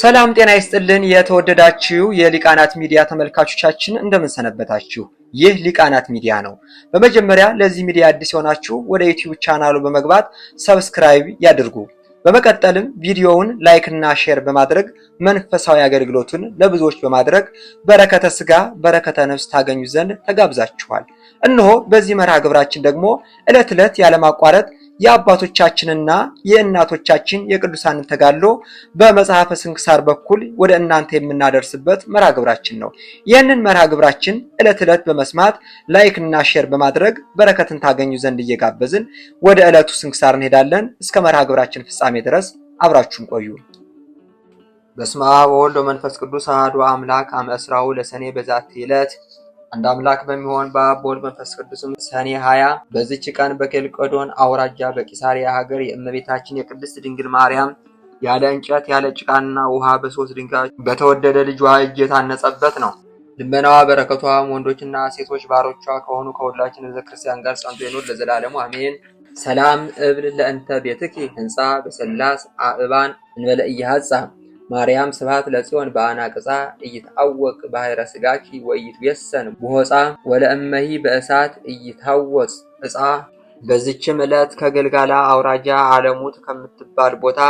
ሰላም ጤና ይስጥልን። የተወደዳችሁ የሊቃናት ሚዲያ ተመልካቾቻችን እንደምን ሰነበታችሁ? ይህ ሊቃናት ሚዲያ ነው። በመጀመሪያ ለዚህ ሚዲያ አዲስ የሆናችሁ ወደ ዩቲዩብ ቻናሉ በመግባት ሰብስክራይብ ያድርጉ። በመቀጠልም ቪዲዮውን እና ሼር በማድረግ መንፈሳዊ አገልግሎቱን ለብዙዎች በማድረግ በረከተ ስጋ በረከተ ነፍስ ታገኙ ዘንድ ተጋብዛችኋል። እነሆ በዚህ መርሃ ግብራችን ደግሞ ዕለት ዕለት ያለማቋረጥ የአባቶቻችንና የእናቶቻችን የቅዱሳን ተጋድሎ በመጽሐፈ ስንክሳር በኩል ወደ እናንተ የምናደርስበት መርሃ ግብራችን ነው። ይህንን መርሃ ግብራችን ዕለት ዕለት በመስማት ላይክና ሼር በማድረግ በረከትን ታገኙ ዘንድ እየጋበዝን ወደ ዕለቱ ስንክሳር እንሄዳለን። እስከ መርሃ ግብራችን ፍጻሜ ድረስ አብራችሁን ቆዩ። በስመ አብ ወወልድ ወመንፈስ ቅዱስ አሐዱ አምላክ አመ ለሰኔ በዛቲ ዕለት አንድ አምላክ በሚሆን በአብ በወልድ በመንፈስ ቅዱስም ሰኔ ሀያ በዚች ቀን በኬልቆዶን አውራጃ በቂሳሪያ ሀገር የእመቤታችን የቅድስት ድንግል ማርያም ያለ እንጨት ያለ ጭቃና ውሃ በሶስት ድንጋዮች በተወደደ ልጇ እጅ የታነጸበት ነው። ልመናዋ በረከቷም ወንዶችና ሴቶች ባሮቿ ከሆኑ ከሁላችን ሕዝበ ክርስቲያን ጋር ጸንቶ ይኑር ለዘላለሙ አሜን። ሰላም እብል ለእንተ ቤትኪ ህንፃ በሰላስ አእባን እንበለ እያሃጻ ማርያም ስብሐት ለጽዮን በአናቅጻ እይትአወቅ ባሕረ ሥጋኪ ወኢይትዌሰን ብሆፃ ወለእመሂ በእሳት እይታወፅ እፃ በዚችም ዕለት ከገልጋላ አውራጃ አለሙት ከምትባል ቦታ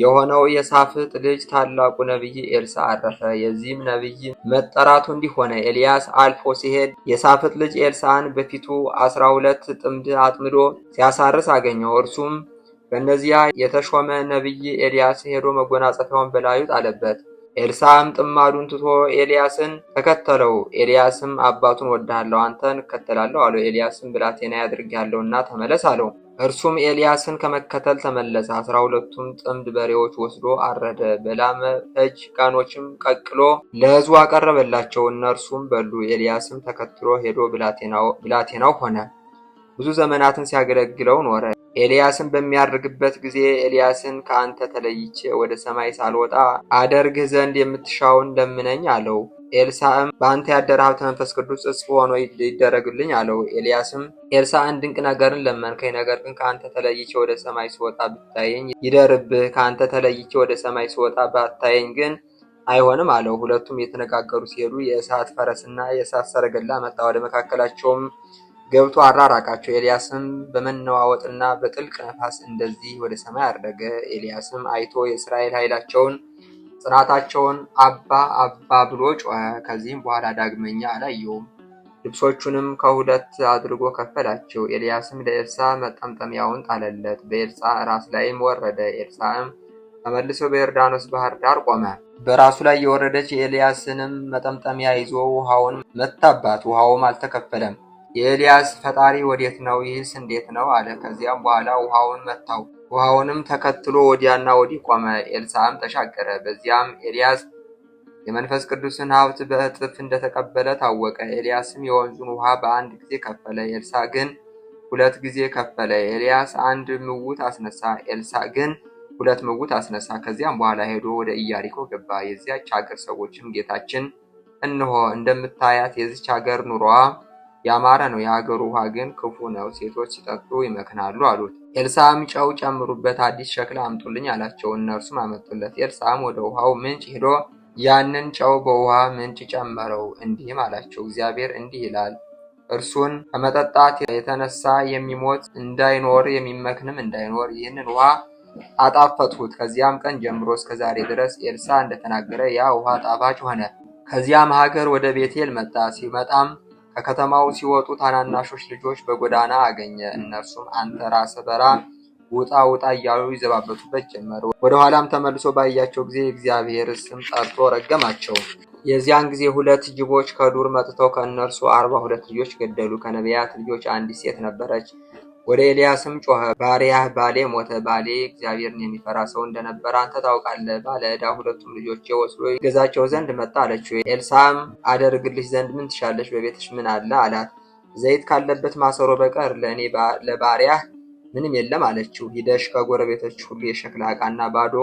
የሆነው የሳፍጥ ልጅ ታላቁ ነቢይ ኤልሳ አረፈ። የዚህም ነቢይ መጠራቱ እንዲሆነ ኤልያስ አልፎ ሲሄድ የሳፍጥ ልጅ ኤልሳን በፊቱ አስራ ሁለት ጥምድ አጥምዶ ሲያሳርስ አገኘው። እርሱም በእነዚያ የተሾመ ነቢይ ኤልያስ ሄዶ መጎናጸፊያውን በላዩ ጣለበት። ኤልሳም ጥማዱን ትቶ ኤልያስን ተከተለው። ኤልያስም አባቱን ወድሃለሁ፣ አንተን እከተላለሁ አለው። ኤልያስም ብላቴና ያድርግሃለሁና ተመለስ አለው። እርሱም ኤልያስን ከመከተል ተመለሰ። አስራ ሁለቱም ጥምድ በሬዎች ወስዶ አረደ። በላመ ፈጅ ጋኖችም ቀቅሎ ለሕዝቡ አቀረበላቸው፣ እነርሱም በሉ። ኤልያስም ተከትሎ ሄዶ ብላቴናው ሆነ። ብዙ ዘመናትን ሲያገለግለው ኖረ። ኤልያስን በሚያደርግበት ጊዜ ኤልያስን ከአንተ ተለይቼ ወደ ሰማይ ሳልወጣ አደርግህ ዘንድ የምትሻውን ለምነኝ አለው። ኤልሳዕም በአንተ ያደረ ሀብተ መንፈስ ቅዱስ እጽፍ ሆኖ ይደረግልኝ አለው። ኤልያስም ኤልሳዕን ድንቅ ነገርን ለመንከኝ፣ ነገር ግን ከአንተ ተለይቼ ወደ ሰማይ ስወጣ ብታየኝ ይደርብህ፣ ከአንተ ተለይቼ ወደ ሰማይ ስወጣ ባታየኝ ግን አይሆንም አለው። ሁለቱም እየተነጋገሩ ሲሄዱ የእሳት ፈረስና የእሳት ሰረገላ መጣ። ወደ መካከላቸውም ገብቶ አራራቃቸው። ኤልያስም በመነዋወጥና በጥልቅ ነፋስ እንደዚህ ወደ ሰማይ አረገ። ኤልያስም አይቶ የእስራኤል ኃይላቸውን ጽናታቸውን አባ አባ ብሎ ጮኸ። ከዚህም በኋላ ዳግመኛ አላየውም። ልብሶቹንም ከሁለት አድርጎ ከፈላቸው። ኤልያስም ለኤልሳ መጠምጠሚያውን ጣለለት፣ በኤልሳ ራስ ላይም ወረደ። ኤልሳም ተመልሶ በዮርዳኖስ ባህር ዳር ቆመ። በራሱ ላይ የወረደች የኤልያስንም መጠምጠሚያ ይዞ ውሃውን መታባት፣ ውሃውም አልተከፈለም። የኤልያስ ፈጣሪ ወዴት ነው? ይህስ እንዴት ነው? አለ። ከዚያም በኋላ ውሃውን መታው። ውሃውንም ተከትሎ ወዲያና ወዲህ ቆመ። ኤልሳም ተሻገረ። በዚያም ኤልያስ የመንፈስ ቅዱስን ሀብት በእጥፍ እንደተቀበለ ታወቀ። ኤልያስም የወንዙን ውሃ በአንድ ጊዜ ከፈለ፣ ኤልሳ ግን ሁለት ጊዜ ከፈለ። ኤልያስ አንድ ምውት አስነሳ፣ ኤልሳ ግን ሁለት ምውት አስነሳ። ከዚያም በኋላ ሄዶ ወደ ኢያሪኮ ገባ። የዚያች ሀገር ሰዎችም ጌታችን፣ እንሆ እንደምታያት የዚች ሀገር ኑሯ ያማረ ነው፣ የሀገሩ ውሃ ግን ክፉ ነው፣ ሴቶች ሲጠጡ ይመክናሉ አሉት። ኤልሳም ጨው ጨምሩበት፣ አዲስ ሸክላ አምጡልኝ አላቸው። እነርሱም አመጡለት። ኤልሳም ወደ ውሃው ምንጭ ሄዶ ያንን ጨው በውሃ ምንጭ ጨመረው፣ እንዲህም አላቸው፣ እግዚአብሔር እንዲህ ይላል እርሱን ከመጠጣት የተነሳ የሚሞት እንዳይኖር የሚመክንም እንዳይኖር ይህንን ውሃ አጣፈጥሁት። ከዚያም ቀን ጀምሮ እስከ ዛሬ ድረስ ኤልሳ እንደተናገረ ያ ውሃ ጣፋጭ ሆነ። ከዚያም ሀገር ወደ ቤቴል መጣ። ሲመጣም ከከተማው ሲወጡ ታናናሾች ልጆች በጎዳና አገኘ። እነርሱም አንተ ራሰ በራ ውጣ ውጣ እያሉ ይዘባበቱበት ወደ ወደኋላም ተመልሶ ባያቸው ጊዜ የእግዚአብሔር ስም ጠርቶ ረገማቸው። የዚያን ጊዜ ሁለት ጅቦች ከዱር መጥተው ከእነርሱ አርባ ሁለት ልጆች ገደሉ። ከነቢያት ልጆች አንዲት ሴት ነበረች። ወደ ኤልያስም ጮኸ፣ ባሪያህ ባሌ ሞተ። ባሌ እግዚአብሔርን የሚፈራ ሰው እንደነበረ አንተ ታውቃለህ። ባለ ዕዳ ሁለቱም ልጆቼ ወስዶ ይገዛቸው ዘንድ መጣ አለችው። ኤልሳም አደርግልሽ ዘንድ ምን ትሻለሽ? በቤትሽ ምን አለ? አላት። ዘይት ካለበት ማሰሮ በቀር ለእኔ ለባሪያህ ምንም የለም አለችው። ሂደሽ ከጎረቤቶች ሁሉ የሸክላ ዕቃና ባዶ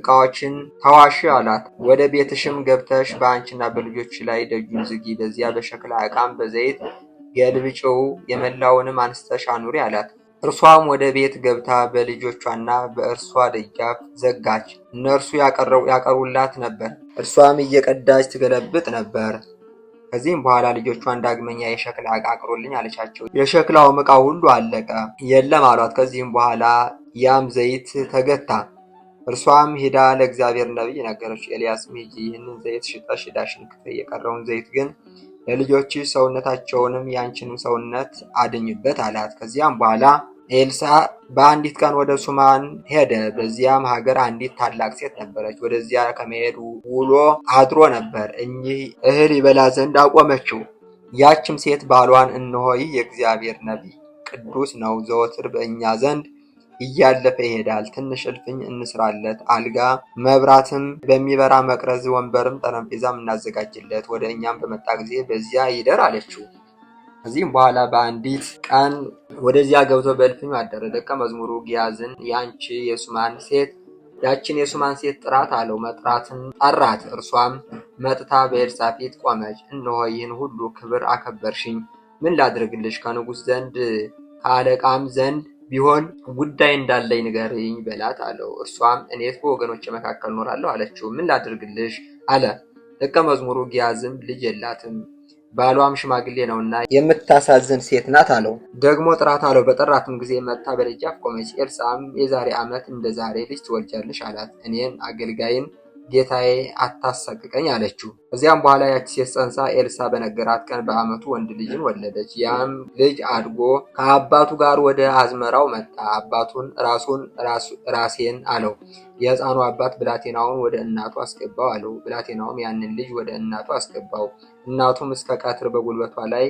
እቃዎችን ተዋሽ አላት። ወደ ቤትሽም ገብተሽ በአንቺና በልጆች ላይ ደጁን ዝጊ። በዚያ በሸክላ ዕቃም በዘይት የልብጨው የመላውንም አንስተሻ ኑሪ አላት። እርሷም ወደ ቤት ገብታ በልጆቿና በእርሷ ደጃፍ ዘጋች። እነርሱ ያቀሩላት ነበር፣ እርሷም እየቀዳች ትገለብጥ ነበር። ከዚህም በኋላ ልጆቿን ዳግመኛ የሸክላ ዕቃ አቅሮልኝ አለቻቸው። የሸክላውም ዕቃ ሁሉ አለቀ፣ የለም አሏት። ከዚህም በኋላ ያም ዘይት ተገታ። እርሷም ሂዳ ለእግዚአብሔር ነቢይ ነገረች። ኤልያስም ሂጂ፣ ይህንን ዘይት ሽጠሽ ዕዳሽን ክፈይ፣ የቀረውን ዘይት ግን ለልጆች ሰውነታቸውንም ያንችንም ሰውነት አድኝበት አላት። ከዚያም በኋላ ኤልሳ በአንዲት ቀን ወደ ሱማን ሄደ። በዚያም ሀገር አንዲት ታላቅ ሴት ነበረች። ወደዚያ ከመሄድ ውሎ አድሮ ነበር። እኚህ እህል ይበላ ዘንድ አቆመችው። ያችም ሴት ባሏን፣ እነሆ ይህ የእግዚአብሔር ነቢይ ቅዱስ ነው፣ ዘወትር በእኛ ዘንድ እያለፈ ይሄዳል። ትንሽ እልፍኝ እንስራለት፣ አልጋ፣ መብራትም፣ በሚበራ መቅረዝ፣ ወንበርም ጠረጴዛም እናዘጋጅለት፣ ወደ እኛም በመጣ ጊዜ በዚያ ይደር አለችው። ከዚህም በኋላ በአንዲት ቀን ወደዚያ ገብቶ በእልፍኙ አደረ። ደቀ መዝሙሩ ጊያዝን ያንቺ የሱማን ሴት ያችን የሱማን ሴት ጥራት አለው። መጥራትን ጠራት። እርሷም መጥታ በኤርሳ ፊት ቆመች። እነሆ ይህን ሁሉ ክብር አከበርሽኝ፣ ምን ላድርግልሽ? ከንጉሥ ዘንድ ከአለቃም ዘንድ ቢሆን ጉዳይ እንዳለኝ ንገሪኝ በላት አለው። እርሷም እኔስ በወገኖች መካከል እኖራለሁ አለችው። ምን ላድርግልሽ አለ። ደቀ መዝሙሩ ጊያዝም ልጅ የላትም ባሏም ሽማግሌ ነውና የምታሳዝን ሴት ናት አለው። ደግሞ ጥራት አለው። በጠራትም ጊዜ መጥታ በደጃፍ ቆመች። ኤልሳም የዛሬ ዓመት እንደ ዛሬ ልጅ ትወልጃለሽ አላት። እኔን አገልጋይን ጌታዬ አታሳቅቀኝ አለችው። ከዚያም በኋላ ያቺ ሴት ጸንሳ ኤልሳ በነገራት ቀን በዓመቱ ወንድ ልጅን ወለደች። ያም ልጅ አድጎ ከአባቱ ጋር ወደ አዝመራው መጣ። አባቱን ራሱን ራሴን አለው። የሕፃኑ አባት ብላቴናውን ወደ እናቱ አስገባው አለው። ብላቴናውም ያንን ልጅ ወደ እናቱ አስገባው። እናቱም እስከ ቀትር በጉልበቷ ላይ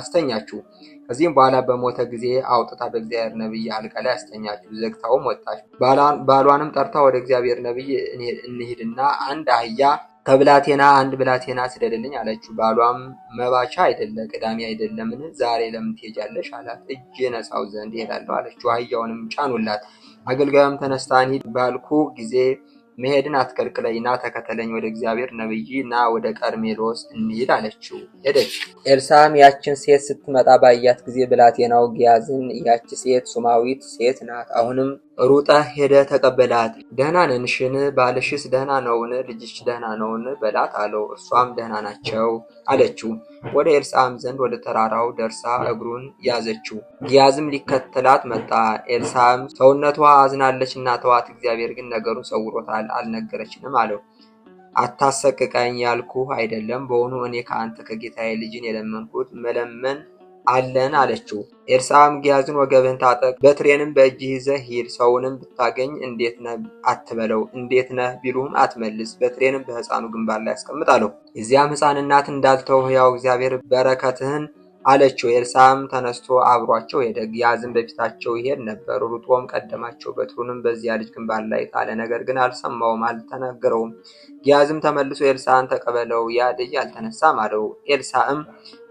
አስተኛችው። ከዚህም በኋላ በሞተ ጊዜ አውጥታ በእግዚአብሔር ነቢይ አልጋ ላይ አስተኛችው። ዘግታውም ወጣች። ባሏንም ጠርታ ወደ እግዚአብሔር ነቢይ እንሂድና አንድ አህያ ከብላቴና አንድ ብላቴና ስደድልኝ አለችው። ባሏም መባቻ አይደለ ቅዳሜ አይደለምን? ዛሬ ለምን ትሄጃለሽ አላት። እጅ ነፃው ዘንድ እሄዳለሁ አለችው። አህያውንም ጫኑላት። አገልጋዩም ተነስታ እንሂድ ባልኩ ጊዜ መሄድን አትከልክለኝ፣ ና ተከተለኝ፣ ወደ እግዚአብሔር ነብይ ና ወደ ቀርሜሎስ እንሂድ አለችው። ሄደች። ኤልሳም ያችን ሴት ስትመጣ ባያት ጊዜ ብላቴናው ግያዝን ያች ሴት ሱማዊት ሴት ናት፣ አሁንም ሩጠህ ሄደ ተቀበላት። ደህና ነንሽን? ባልሽስ ደህና ነውን? ልጅሽ ደህና ነውን? በላት አለው። እርሷም ደህና ናቸው አለችው። ወደ ኤልሳም ዘንድ ወደ ተራራው ደርሳ እግሩን ያዘችው። ጊያዝም ሊከተላት መጣ። ኤልሳም ሰውነቷ አዝናለች እና ተዋት፣ እግዚአብሔር ግን ነገሩን ሰውሮታል፣ አልነገረችንም አለው። አታሰቅቀኝ ያልኩህ አይደለም። በውኑ እኔ ከአንተ ከጌታዬ ልጅን የለመንኩት መለመን አለን አለችው። ኤልሳም ጊያዝን ወገብን ታጠቅ፣ በትሬንም በእጅህ ይዘህ ሂድ። ሰውንም ብታገኝ እንዴት ነህ አትበለው፣ እንዴት ነህ ቢሉህም አትመልስ። በትሬንም በሕፃኑ ግንባር ላይ አስቀምጥ አለው። የዚያም ሕፃን እናት እንዳልተው ሕያው እግዚአብሔር በረከትህን አለችው። ኤልሳም ተነስቶ አብሯቸው ሄደ። ግያዝን በፊታቸው ይሄድ ነበር። ሩጦም ቀደማቸው፣ በትሩንም በዚያ ልጅ ግንባር ላይ ጣለ። ነገር ግን አልሰማውም፣ አልተነገረውም። ግያዝም ተመልሶ ኤልሳን ተቀበለው፣ ያ ልጅ አልተነሳም አለው። ኤልሳም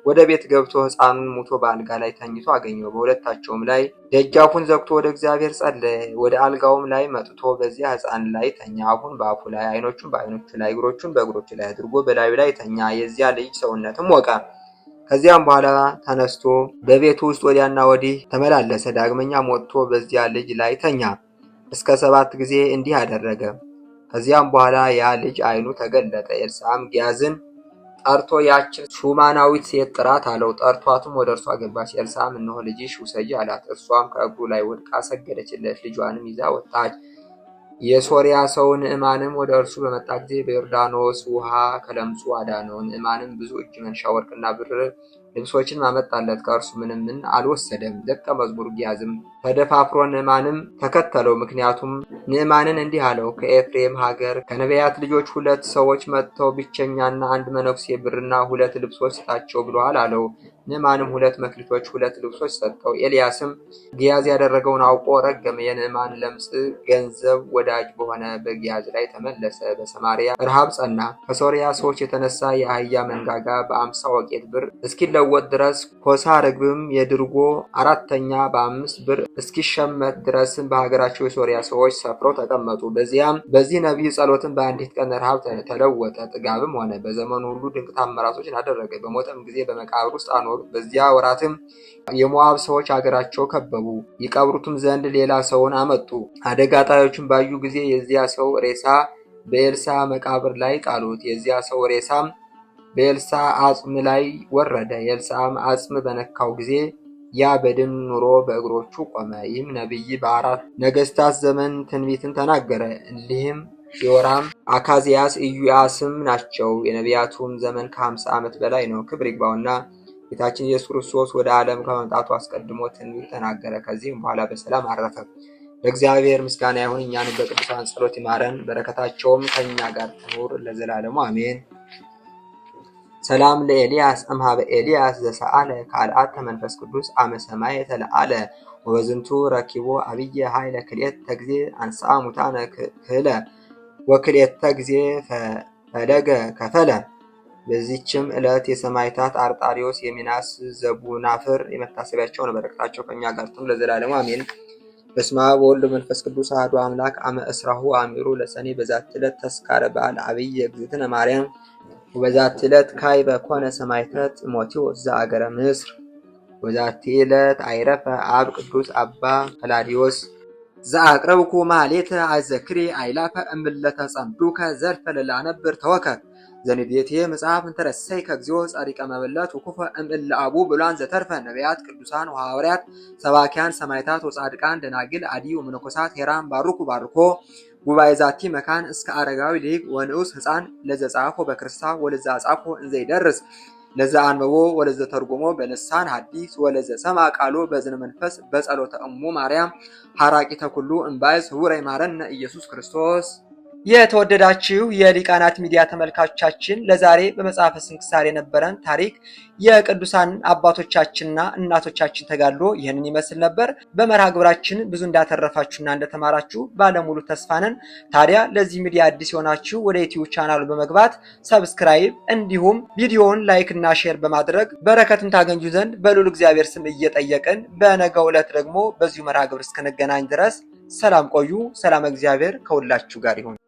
ወደ ቤት ገብቶ ሕፃኑን ሙቶ በአልጋ ላይ ተኝቶ አገኘው። በሁለታቸውም ላይ ደጃፉን ዘግቶ ወደ እግዚአብሔር ጸለየ። ወደ አልጋውም ላይ መጥቶ በዚያ ሕፃን ላይ ተኛ። አፉን በአፉ ላይ፣ አይኖቹን በአይኖቹ ላይ፣ እግሮቹን በእግሮቹ ላይ አድርጎ በላዩ ላይ ተኛ። የዚያ ልጅ ሰውነትም ሞቀ። ከዚያም በኋላ ተነስቶ በቤቱ ውስጥ ወዲያና ወዲህ ተመላለሰ። ዳግመኛ ሞጥቶ በዚያ ልጅ ላይ ተኛ። እስከ ሰባት ጊዜ እንዲህ አደረገ። ከዚያም በኋላ ያ ልጅ አይኑ ተገለጠ። ኤልሳም ጊያዝን ጠርቶ ያችን ሹማናዊት ሴት ጥራት አለው። ጠርቷትም ወደ እርሷ ገባች። ኤልሳም እነሆ ልጅሽ ውሰጂ አላት። እርሷም ከእግሩ ላይ ወድቃ ሰገደችለት። ልጇንም ይዛ ወጣች። የሶሪያ ሰው ንዕማንም ወደ እርሱ በመጣ ጊዜ በዮርዳኖስ ውሃ ከለምጹ አዳነው። ንዕማንም ብዙ እጅ መንሻ ወርቅና ብር ልብሶችን አመጣለት፣ ከእርሱ ምንም ምን አልወሰደም። ደቀ መዝሙር ጊያዝም ተደፋፍሮ ንዕማንም ተከተለው። ምክንያቱም ንዕማንን እንዲህ አለው፣ ከኤፍሬም ሀገር ከነቢያት ልጆች ሁለት ሰዎች መጥተው ብቸኛና አንድ መነኩሴ ብርና ሁለት ልብሶች ስጣቸው ብለዋል አለው። ንዕማንም ሁለት መክሊቶች፣ ሁለት ልብሶች ሰጠው። ኤልያስም ግያዝ ያደረገውን አውቆ ረገመ። የንዕማን ለምጽ ገንዘብ ወዳጅ በሆነ በግያዝ ላይ ተመለሰ። በሰማሪያ ረሃብ ጸና። ከሶሪያ ሰዎች የተነሳ የአህያ መንጋጋ በአምሳ ወቄት ብር እስኪለወጥ ድረስ ኮሳ ርግብም የድርጎ አራተኛ በአምስት ብር እስኪሸመት ድረስም በሀገራቸው የሶሪያ ሰዎች ሰፍረው ተቀመጡ። በዚያም በዚህ ነቢይ ጸሎትን በአንዲት ቀን ረሃብ ተለወጠ፣ ጥጋብም ሆነ። በዘመኑ ሁሉ ድንቅ ታምራቶችን አደረገ። በሞተም ጊዜ በመቃብር ውስጥ አኖሩ። በዚያ ወራትም የሞዓብ ሰዎች አገራቸው ከበቡ፣ ይቀብሩትም ዘንድ ሌላ ሰውን አመጡ። አደጋ ጣዮችን ባዩ ጊዜ የዚያ ሰው ሬሳ በኤልሳ መቃብር ላይ ጣሉት። የዚያ ሰው ሬሳም በኤልሳ አጽም ላይ ወረደ። የኤልሳም አጽም በነካው ጊዜ ያ በድን ኑሮ በእግሮቹ ቆመ። ይህም ነቢይ በአራት ነገስታት ዘመን ትንቢትን ተናገረ። እንዲህም ዮራም፣ አካዚያስ፣ ኢዩያስም ናቸው። የነቢያቱም ዘመን ከ ከሀምሳ ዓመት በላይ ነው። ክብር ይግባውና ጌታችን ኢየሱስ ክርስቶስ ወደ ዓለም ከመምጣቱ አስቀድሞ ትንቢት ተናገረ። ከዚህም በኋላ በሰላም አረፈ። ለእግዚአብሔር ምስጋና ይሁን፣ እኛንም በቅዱሳን ጸሎት ይማረን፣ በረከታቸውም ከእኛ ጋር ትኑር ለዘላለሙ አሜን። ሰላም ለኤልያስ እምሃበ ኤልያስ ዘሰአለ ካልአተ መንፈስ ቅዱስ አመሰማይ ሰማይ ተለአለ ወበዝንቱ ረኪቦ አብየ ኃይለ ክልኤተ ጊዜ አንስአ ሙታነ ክህለ ወክልኤተ ጊዜ ፈለገ ከፈለ በዚችም ዕለት የሰማይታት አርጣሪዎስ፣ የሚናስ ዘቡናፍር የመታሰቢያቸው ነው። በረከታቸው ከኛ ጋር ትሁን ለዘላለሙ አሜን። በስመ አብ ወወልድ ወመንፈስ ቅዱስ አሐዱ አምላክ አመ እስራሁ አእሚሩ ለሰኔ በዛት ዕለት ተስካረ በዓል አብይ እግዝእትነ ማርያም ወበዛቲ ዕለት ካዕበ ኮነ ሰማዕታት ጢሞቴዎስ ዘአገረ ምስር ወዛቲ ዕለት አይረፈ አብ ቅዱስ አባ ከላዲዮስ ዘአቅረብኩ ማሕሌተ አዘክሪ አይላፈ እምዕለተ ጸምዱከ ዘርፈ ለላነብር ተወከር ዘንዴቴ መጽሐፍ እንተረሰይ ከእግዚኦ ጻድቀ መበለት ወኩፈ እምእለ አቡ ብሏን ዘተርፈ ነቢያት ቅዱሳን ወሐዋርያት ሰባኪያን ሰማይታት ወጻድቃን ደናግል አዲ ወመነኮሳት ሄራን ባርኩ ባርኮ ጉባኤ ዛቲ መካን እስከ አረጋዊ ሊግ ወንዑስ ህፃን ለዘጻፎ በክርስታ ወለዛ ጻፎ እንዘይደርስ ለዛ አንበቦ ወለዘ ተርጎሞ በልሳን ሐዲስ ወለዘ ሰማ ቃሎ በዝነ መንፈስ በጸሎተ እሙ ማርያም ሐራቂ ተኩሉ እምባይስ ህውረ ይማረነ ኢየሱስ ክርስቶስ የተወደዳችሁ የሊቃናት ሚዲያ ተመልካቾቻችን ለዛሬ በመጽሐፈ ስንክሳር የነበረን ታሪክ የቅዱሳን አባቶቻችንና እናቶቻችን ተጋድሎ ይህንን ይመስል ነበር። በመርሃ ግብራችን ብዙ እንዳተረፋችሁና እንደተማራችሁ ባለሙሉ ተስፋንን ታዲያ ለዚህ ሚዲያ አዲስ የሆናችሁ ወደ ዩቲዩብ ቻናሉ በመግባት ሰብስክራይብ፣ እንዲሁም ቪዲዮውን ላይክ እና ሼር በማድረግ በረከትን ታገኙ ዘንድ በልዑል እግዚአብሔር ስም እየጠየቅን በነገው ዕለት ደግሞ በዚሁ መርሃ ግብር እስክንገናኝ ድረስ ሰላም ቆዩ። ሰላም እግዚአብሔር ከሁላችሁ ጋር ይሁን።